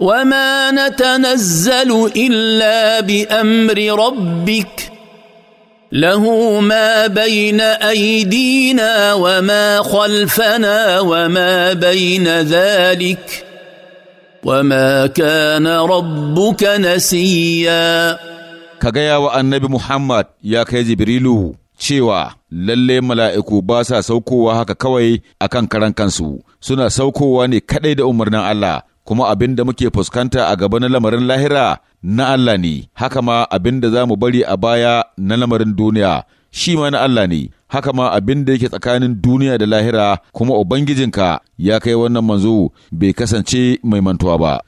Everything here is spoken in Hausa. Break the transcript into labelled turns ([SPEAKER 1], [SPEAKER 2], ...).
[SPEAKER 1] وما نتنزل الا بامر ربك له ما بين ايدينا وما خلفنا وما بين ذلك وما كان ربك نسيا كغيا وانبي
[SPEAKER 2] محمد يا كي جبريلو cewa lalle mala'iku ba sa saukowa haka kawai akan karan kansu suna saukowa ne kaɗai da umarnin Allah kuma abin da muke fuskanta a gaba na lamarin lahira na Allah ne, haka ma abin da za mu bari a baya na lamarin duniya shi ma na Allah ne, haka ma abin da yake tsakanin duniya da lahira kuma Ubangijinka ya kai wannan manzo bai kasance mai mantuwa ba.